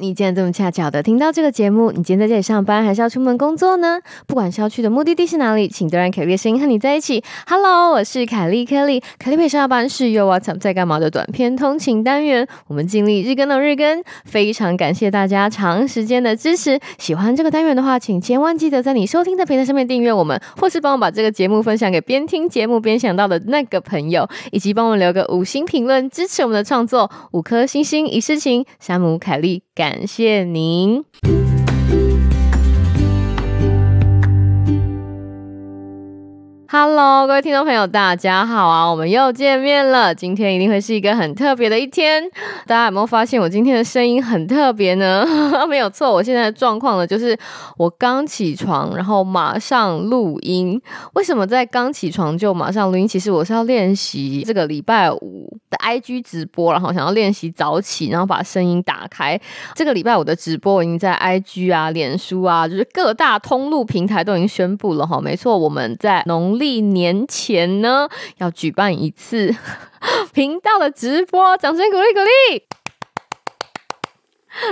你竟然這麼恰巧的聽到這個節目，你今天在這裡上班還是要出門工作呢？不管是要去的目的地是哪裡，請都讓凱莉的聲音和你在一起。Hello，我是凱莉，凱莉凱莉陪你上下班是 Yo! What's Up 在幹嘛的短篇通勤單元，我們盡力日更到日更，非常感謝大家長時間的支持。喜歡這個單元的話，請千萬記得在你收聽的平台上面訂閱我們，或是幫我把這個節目分享給邊聽節目邊想到的那個朋友，以及幫我留個五星評論支持我們的創作，五顆星星一世情。山姆凱莉感。感謝您。Hello，各位聽眾朋友，大家好啊！我們又見面了，今天一定會是一個很特別的一天。大家有沒有發現我今天的聲音很特別呢？ 沒有錯，我現在的狀況呢，就是我剛起床，然後馬上錄音。為什麼在剛起床就馬上錄音？其實我是要練習這個禮拜五的 IG 直播，然後想要練習早起，然後把聲音打開。這個禮拜五的直播我已經在 IG 啊、臉書啊，就是各大通路平台都已經宣布了哈。沒錯，我們在農曆曆年前呢，要舉辦一次頻 道的直播，掌聲鼓勵鼓勵。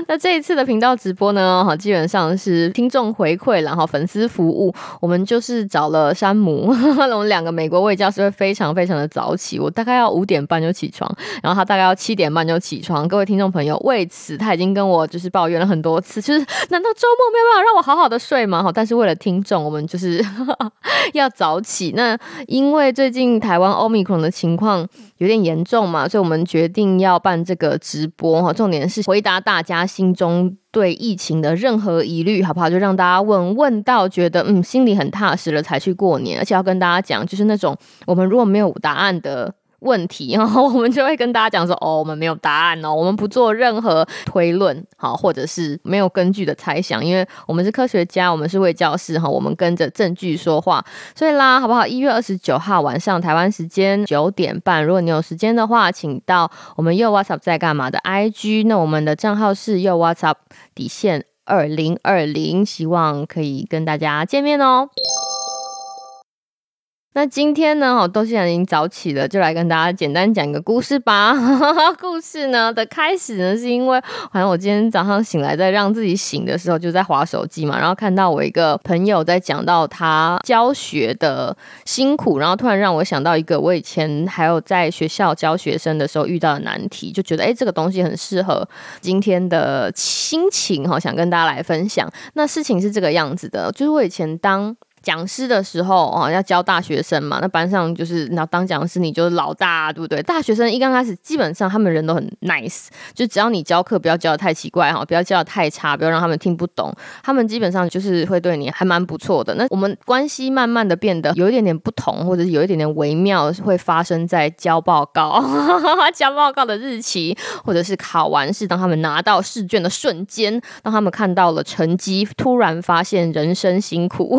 那這一次的頻道直播呢，哈，基本上是聽眾回饋，然後粉絲服務，我們就是找了山姆，哈哈，那我們兩個美國位教是會非常非常的早起，我大概要五點半就起床，然後他大概要七點半就起床。各位聽眾朋友，為此他已經跟我就是抱怨了很多次，就是難道周末沒有辦法讓我好好的睡嗎？哈，但是為了聽眾，我們就是呵呵要早起。那因為最近台灣 Omicron 的情況有點嚴重嘛，所以我們決定要辦這個直播，哈，重點是回答大家。家心中對疫情的任何疑慮，好不好？就讓大家問問到，覺得嗯心裡很踏實了，才去過年。而且要跟大家講，就是那種我們如果沒有答案的。問題，然後我們就會跟大家講說，哦，我們沒有答案哦，我們不做任何推論，好，或者是沒有根據的猜想，因為我們是科學家，我們是位教師，哈，我們跟着證據說話，所以啦，好不好？一月二十九號晚上台灣時間九點半，如果你有時間的話，請到我們 Yo! What's Up 在幹嘛的 IG，那我們的賬號是 Yo! What's Up 底線二零二零，希望可以跟大家見面哦。那今天呢，好，都既然已經早起了，就來跟大家簡單講一個故事吧。 故事呢的開始呢，是因為好像我今天早上醒來，在讓自己醒的時候，就在滑手機嘛，然後看到我一個朋友在講到他教學的辛苦，然後突然讓我想到一個我以前還有在學校教學生的時候遇到的難題，就覺得誒、欸，這個東西很適合今天的心情好，想跟大家來分享。那事情是這個樣子的，就是我以前當。講師的時候哦，要教大學生嘛，那班上就是那當講師，你就老大，對不對？大學生一剛開始，基本上他們人都很 nice，就只要你教課不要教得太奇怪哈，不要教得太差，不要讓他們聽不懂，他們基本上就是會對你還蠻不錯的。那我們關係慢慢的變得有一點點不同，或者是有一點點微妙，會發生在交報告、 交報告的日期，或者是考完試，當他們拿到試卷的瞬間，當他們看到了成績，突然發現人生辛苦。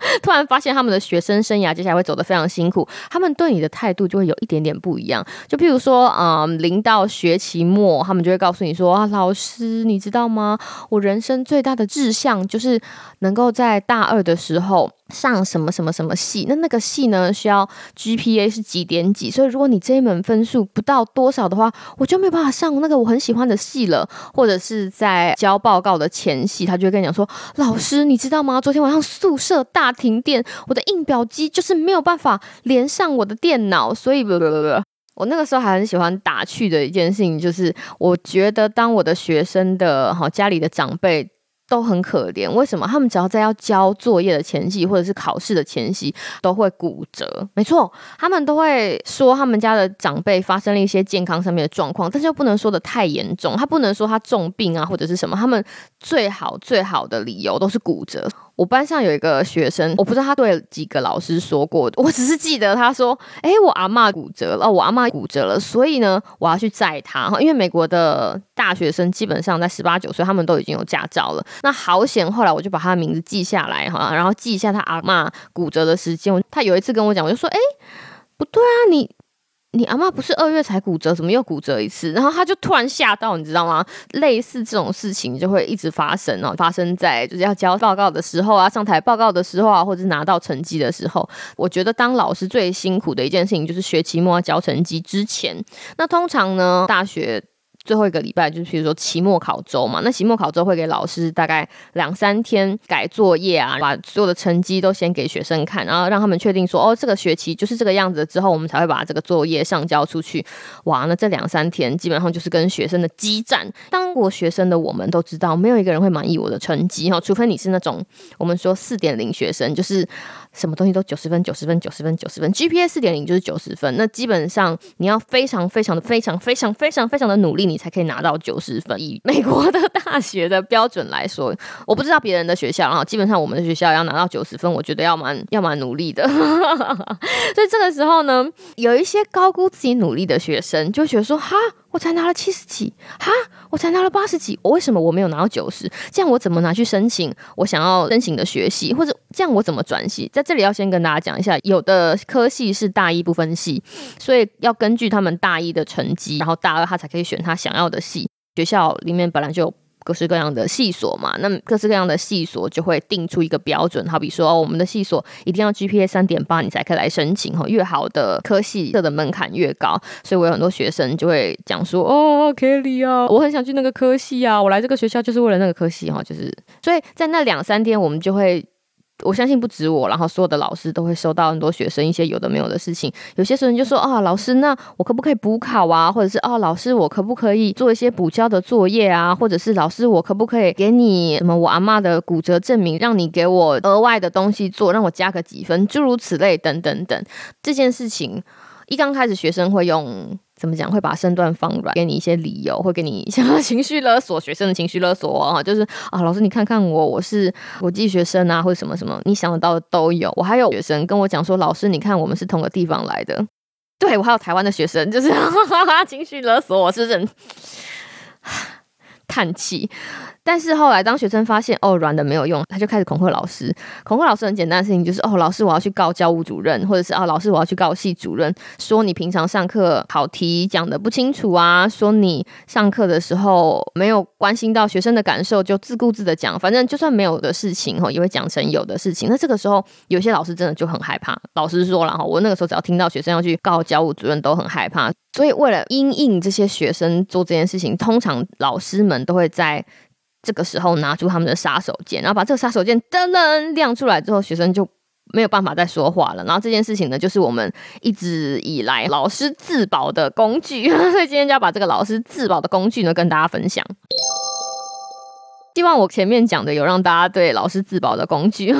突然發現他們的學生生涯接下來會走得非常辛苦，他們對你的態度就會有一點點不一樣。就譬如說，嗯、呃，臨到學期末，他們就會告訴你說：“啊，老師，你知道嗎？我人生最大的志向就是能夠在大二的時候。”上什麼什麼什麼系？那那個系呢？需要 GPA 是幾點幾？所以如果你這一門分數不到多少的話，我就沒辦法上那個我很喜歡的系了。或者是在交報告的前夕，他就會跟你講說：“老師，你知道嗎？昨天晚上宿舍大停電，我的印表機就是沒有辦法連上我的電腦。”所以，我那個時候還很喜歡打趣的一件事情，就是我覺得當我的學生的好家裡的長輩。都很可憐，為什麼他們只要在要交作業的前夕，或者是考試的前夕，都會骨折？沒錯，他們都會說他們家的長輩發生了一些健康上面的狀況，但是又不能說的太嚴重，他不能說他重病啊或者是什麼，他們最好最好的理由都是骨折。我班上有一個學生，我不知道他對幾個老師說過，我只是記得他說：“誒，我阿嬤骨折了，我阿嬤骨折了，所以呢，我要去載他。”因為美國的大學生基本上在十八九歲，他們都已經有駕照了。那好險，後來我就把他的名字記下來哈，然後記一下他阿嬤骨折的時間。他有一次跟我講，我就說：“誒，不對啊，你。”你阿媽不是二月才骨折，怎麼又骨折一次？然後他就突然嚇到，你知道嗎？類似這種事情就會一直發生哦，然後發生在就是要交報告的時候啊，上台報告的時候啊，或者是拿到成績的時候。我覺得當老師最辛苦的一件事情就是學期末要交成績之前。那通常呢，大學。最後一個禮拜就是，譬如說期末考周嘛，那期末考周會給老師大概兩三天改作業啊，把所有的成績都先給學生看，然後讓他們確定說，哦，這個學期就是這個樣子，之後我們才會把這個作業上交出去。哇，那這兩三天基本上就是跟學生的激戰。當過學生的我們都知道，沒有一個人會滿意我的成績哈，除非你是那種我們說四點零學生，就是什麼東西都九十分、九十分、九十分、九十分，GPA 四點零就是九十分。那基本上你要非常、非常的、非常、非常、非常、非常的努力，你，才可以拿到九十分，以美國的大學的標準來說，我不知道別人的學校，然後基本上我們的學校要拿到九十分，我覺得要蠻要蠻努力的。 所以這個時候呢，有一些高估自己努力的學生就覺得說哈。我才拿了七十幾哈，我才拿了八十幾，我、哦、為什麼我沒有拿到九十？這樣我怎麼拿去申請我想要申請的學系，或者這樣我怎麼轉系？在這裡要先跟大家講一下，有的科系是大一不分系，所以要根據他們大一的成績，然後大二他才可以選他想要的系。學校裡面本來就。各式各樣的系所嘛，那各式各樣的系所就會定出一個標準，好比說，哦，我們的系所一定要 GPA 三點八，你才可以來申請哦。越好的科系，它的門檻越高，所以我有很多學生就會講說，哦 Kelly 啊，okay, Leo, 我很想去那個科系啊，我來這個學校就是為了那個科系哈、哦，就是所以在那兩三天，我們就會。我相信不止我，然後所有的老師都會收到很多學生一些有的沒有的事情。有些學生就說啊、哦，老師，那我可不可以補考啊？或者是啊、哦，老師，我可不可以做一些補交的作業啊？或者是老師，我可不可以給你什麼我阿嬤的骨折證明，讓你給我額外的東西做，讓我加個幾分，諸如此類等等等。這件事情一剛開始，學生會用。怎麼講？會把身段放軟，給你一些理由，會給你想要情緒勒索學生的情緒勒索啊，就是啊，老師你看看我，我是國際學生啊，或者什麼什麼，你想得到的都有。我還有學生跟我講說，老師你看我們是同個地方來的，對，我還有台灣的學生，就是哈哈哈哈情緒勒索，是人。嘆氣，但是後來當學生發現哦軟的沒有用，他就開始恐嚇老師。恐嚇老師很簡單的事情，就是哦老師我要去告教務主任，或者是啊、哦、老師我要去告系主任，說你平常上課考題講的不清楚啊，說你上課的時候沒有關心到學生的感受，就自顧自的講，反正就算沒有的事情吼，也會講成有的事情。那這個時候有些老師真的就很害怕。老實說了哈，我那個時候只要聽到學生要去告教務主任，都很害怕。所以為了因應這些學生做這件事情，通常老師們。都會在這個時候拿出他們的殺手鐧，然後把這個殺手鐧噔噔，亮出來之後，學生就沒有辦法再說話了。然後這件事情呢，就是我們一直以來老師自保的工具。 所以今天就要把這個老師自保的工具呢，跟大家分享。希望我前面講的有讓大家對老師自保的工具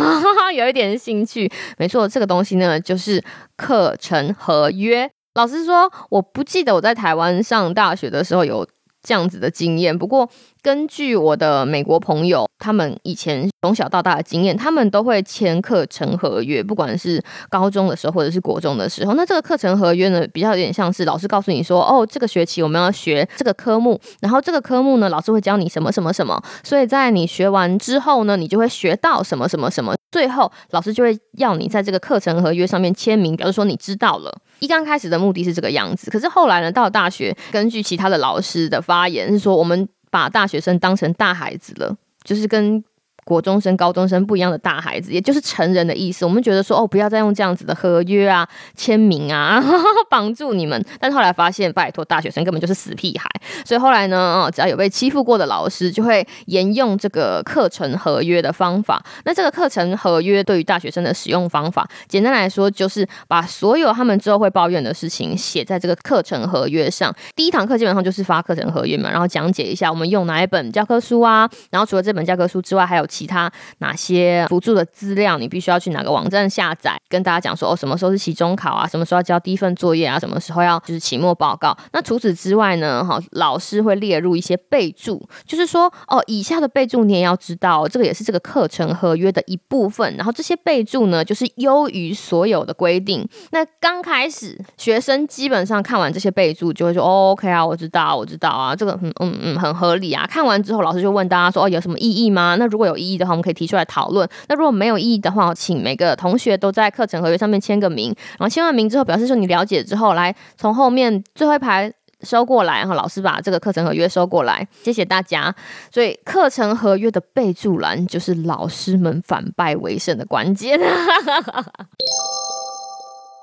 有一點興趣。沒錯，這個東西呢，就是課程合約。老實說，我不記得我在台灣上大學的時候有。這樣子的經驗，不過根據我的美國朋友，他們以前從小到大的經驗，他們都會簽課程合約，不管是高中的時候或者是國中的時候。那這個課程合約呢，比較有點像是老師告訴你說，哦，這個學期我們要學這個科目，然後這個科目呢，老師會教你什麼什麼什麼，所以在你學完之後呢，你就會學到什麼什麼什麼，最後老師就會要你在這個課程合約上面簽名，表示說你知道了。一剛開始的目的是這個樣子，可是後來呢，到大學，根據其他的老師的發言是說，我們把大學生當成大孩子了，就是跟。國中生、高中生不一樣的大孩子，也就是成人的意思。我們覺得說，哦，不要再用這樣子的合約啊、簽名啊，綁住你們。但是後來發現，拜托，大學生根本就是死屁孩。所以後來呢，哦，只要有被欺負過的老師，就會沿用這個課程合約的方法。那這個課程合約對於大學生的使用方法，簡單來說就是把所有他們之後會抱怨的事情寫在這個課程合約上。第一堂課基本上就是發課程合約嘛，然後講解一下我們用哪一本教科書啊，然後除了這本教科書之外，還有。其他哪些輔助的資料你必須要去哪個網站下載？跟大家講說哦，什麼時候是期中考啊？什麼時候要交第一份作業啊？什麼時候要就是期末報告？那除此之外呢，好，老師會列入一些備注，就是說哦，以下的備注你也要知道，哦，這個也是這個課程合約的一部分。然後這些備注呢，就是優於所有的規定。那剛開始學生基本上看完這些備注就會說，哦，OK 啊，我知道，我知道啊，這個很嗯嗯嗯很合理啊。看完之後，老師就問大家說，哦，有什麼異議嗎？那如果有異，意的話，我們可以提出來討論。那如果沒有異議的話，請每個同學都在課程合約上面簽個名。然後簽完名之後，表示說你了解之後，來從後面最後一排收過來，然後老師把這個課程合約收過來。謝謝大家。所以課程合約的備註欄就是老師們反敗為勝的關鍵。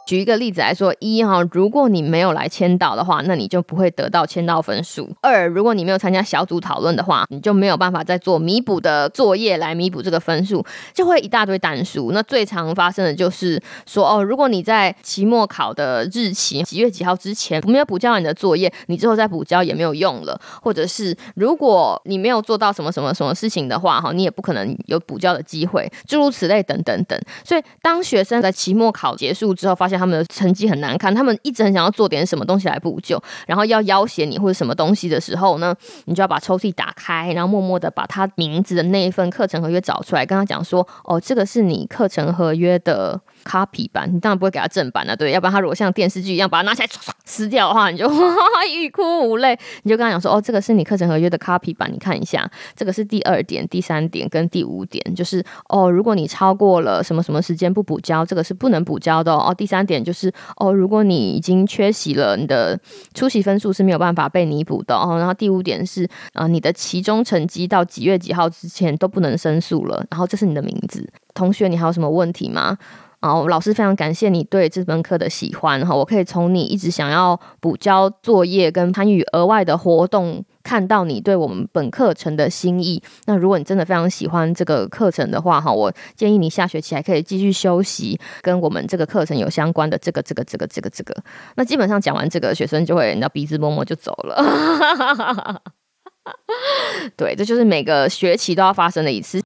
舉一個例子來說，一哈，如果你沒有來簽到的話，那你就不會得到簽到分數。二，如果你沒有參加小組討論的話，你就沒有辦法再做彌補的作業來彌補這個分數，就會一大堆但書。那最常發生的就是說，哦，如果你在期末考的日期幾月幾號之前我沒有補交你的作業，你之後再補交也沒有用了。或者是如果你沒有做到什麼什麼什麼事情的話，哈，你也不可能有補交的機會，諸如此類等等等。所以，當學生在期末考結束之後發現，他們的成績很難看，他們一直很想要做點什麼東西來補救，然後要要挾你或者什麼東西的時候呢，你就要把抽屜打開，然後默默地把他名字的那一份課程合約找出來，跟他講說：“哦，這個是你課程合約的 copy 版，你當然不會給他正版的、啊，對？要不然他如果像電視劇一樣把它拿起來唰唰撕掉的話，你就哇欲哭無淚。你就跟他講說：“哦，這個是你課程合約的 copy 版，你看一下，這個是第二點、第三點跟第五點，就是哦，如果你超過了什麼什麼時間不補交，這個是不能補交的哦。哦，第三。”點就是哦，如果你已經缺席了，你的出席分數是沒有辦法被彌補的哦。然後第五點是啊，你的期中成績到幾月幾號之前都不能申訴了。然後這是你的名字，同學，你還有什麼問題嗎？哦，老師非常感謝你對這門課的喜歡哈，哦，我可以從你一直想要補交作業跟參與額外的活動。看到你對我們本課程的心意，那如果你真的非常喜歡這個課程的話，哈，我建議你下學期還可以繼續修習，跟我們這個課程有相關的這個這個這個這個這個。那基本上講完這個，學生就會拿鼻子摸摸就走了。 對，這就是每個學期都要發生的一次。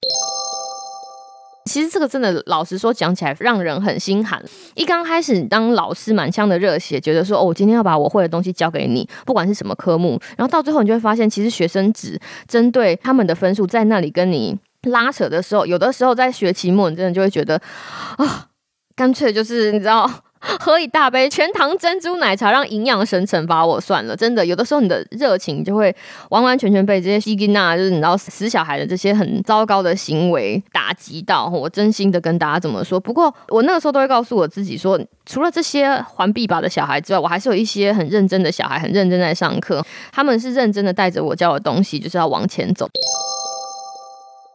其實這個真的，老實說，講起來，讓人很心寒。一剛開始，當老師滿腔的熱血，覺得說，哦，我今天要把我會的東西教給你，不管是什麼科目。然後到最後，你就會發現，其實學生只針對他們的分數在那裡跟你拉扯的時候，有的時候在學期末，你真的就會覺得，啊、哦，乾脆就是你知道。喝一大杯全糖珍珠奶茶，讓營養師懲罰我算了。真的，有的時候你的熱情就會完完全全被這些西金娜，就是你知道死小孩的這些很糟糕的行為打擊到。我真心的跟大家怎麼說？不過我那個時候都會告訴我自己說，除了這些歡必霸的小孩之外，我還是有一些很認真的小孩，很認真在上課。他們是認真的帶着我教我的東西，就是要往前走。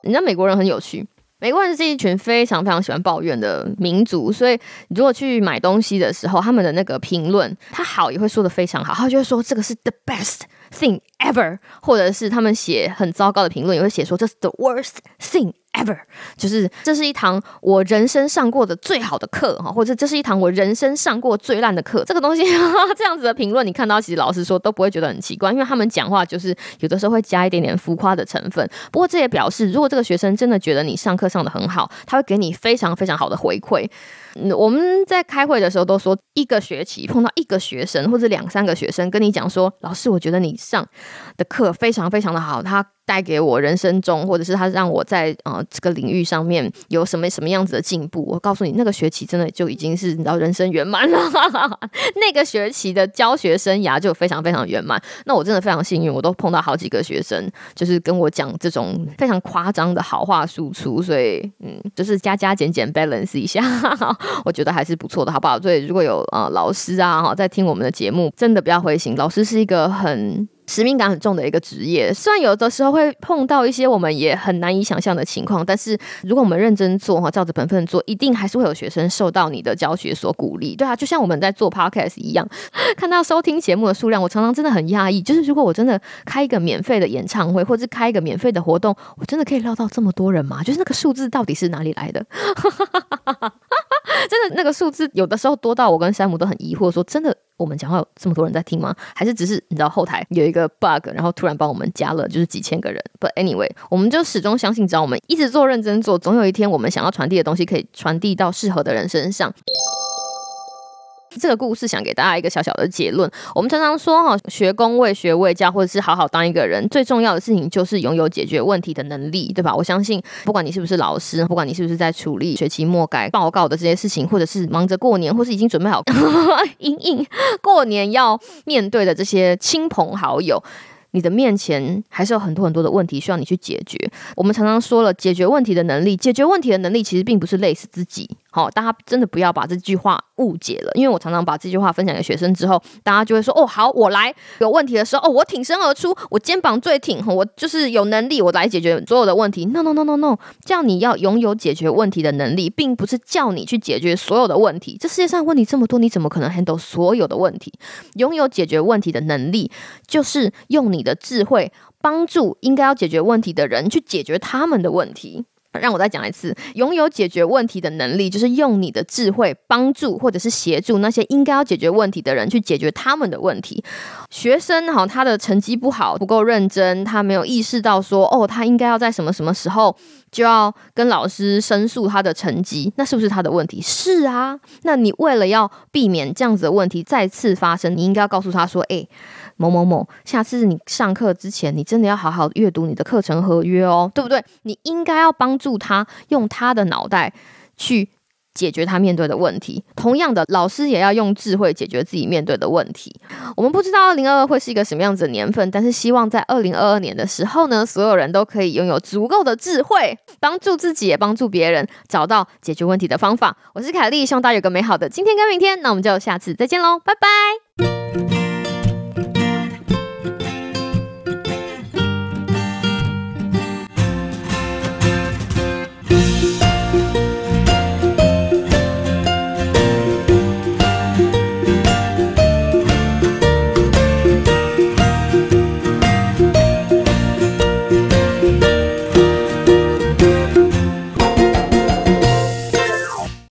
人家美國人很有趣。美國人是一群非常非常喜歡抱怨的民族，所以你如果去買東西的時候，他們的那個評論，他好也會說的非常好，他就會說這個是 the best thing ever，或者是他們寫很糟糕的評論，也會寫說這是 the worst thing。Ever,，就是這是一堂我人生上過的最好的課哈，或者這是一堂我人生上過最爛的課。這個東西這樣子的評論，你看到其實老實說都不會覺得很奇怪，因為他們講話就是有的時候會加一點點浮誇的成分。不過這也表示，如果這個學生真的覺得你上課上得很好，他會給你非常非常好的回饋。我們在開會的時候都說，一個學期碰到一個學生或者兩三個學生跟你講說，老師，我覺得你上的課非常非常的好，他帶給我人生中，或者是他讓我在呃這個領域上面有什麼什麼樣子的進步。我告訴你，那個學期真的就已經是你知道人生圓滿了， 那個學期的教學生涯就非常非常圓滿。那我真的非常幸運，我都碰到好幾個學生，就是跟我講這種非常誇張的好話輸出，所以嗯，就是加加減減 balance 一下。 我覺得還是不錯的，好不好？所以如果有呃老師啊在聽我們的節目，真的不要灰心。老師是一個很使命感很重的一個職業，雖然有的時候會碰到一些我們也很難以想象的情況，但是如果我們認真做哈，照着本分做，一定還是會有學生受到你的教學所鼓勵。對啊，就像我們在做 podcast 一樣，看到收聽節目的數量，我常常真的很訝異。就是如果我真的開一個免費的演唱會，或者是開一個免費的活動，我真的可以撈到這麼多人嗎？就是那個數字到底是哪裡來的？哈哈哈哈哈。那個數字有的時候多到我跟山姆都很疑惑，說真的，我們講話有這麼多人在聽嗎？還是只是你知道後台有一個 bug，然後突然幫我們加了就是幾千個人？But anyway，我們就始終相信，只要我們一直做認真做，總有一天我們想要傳遞的東西可以傳遞到適合的人身上。這個故事想給大家一個小小的結論。我們常常說，哈，學工位、學位加，或者是好好當一個人，最重要的事情就是擁有解決問題的能力，對吧？我相信，不管你是不是老師，不管你是不是在處理學期末改報告的這些事情，或者是忙着過年，或者是已經準備好迎迎 過年要面對的這些親朋好友。你的面前還是有很多很多的問題需要你去解決。我們常常說了解決問題的能力，解決問題的能力其實並不是累死自己。好，大家真的不要把這句話誤解了，因為我常常把這句話分享給學生之後，大家就會說：“哦，好，我來有問題的時候，哦，我挺身而出，我肩膀最挺，我就是有能力，我來解決所有的問題。” No, no, no, no, no，叫你要擁有解決問題的能力，並不是叫你去解決所有的問題。這世界上問題這麼多，你怎麼可能 handle 所有的問題？擁有解決問題的能力，就是用你。的智慧，幫助應該要解決問題的人去解決他們的問題。讓我再講一次，擁有解決問題的能力，就是用你的智慧幫助或者是協助那些應該要解決問題的人去解決他們的問題。學生哈，哦，他的成績不好，不夠認真，他沒有意識到說，哦，他應該要在什麼什麼時候就要跟老師申訴他的成績，那是不是他的問題？是啊，那你為了要避免這樣子的問題再次發生，你應該要告訴他說，哎，欸，某某某，下次你上課之前，你真的要好好閱讀你的課程合約哦，對不對？你應該要幫助。助他用他的腦袋去解決他面對的問題。同樣的，老師也要用智慧解決自己面對的問題。我們不知道二零二二會是一個什麼樣子的年份，但是希望在二零二二年的時候呢，所有人都可以擁有足夠的智慧，幫助自己也幫助別人找到解決問題的方法。我是凱莉，希望大家有個美好的今天跟明天。那我們就下次再見嘍，拜拜。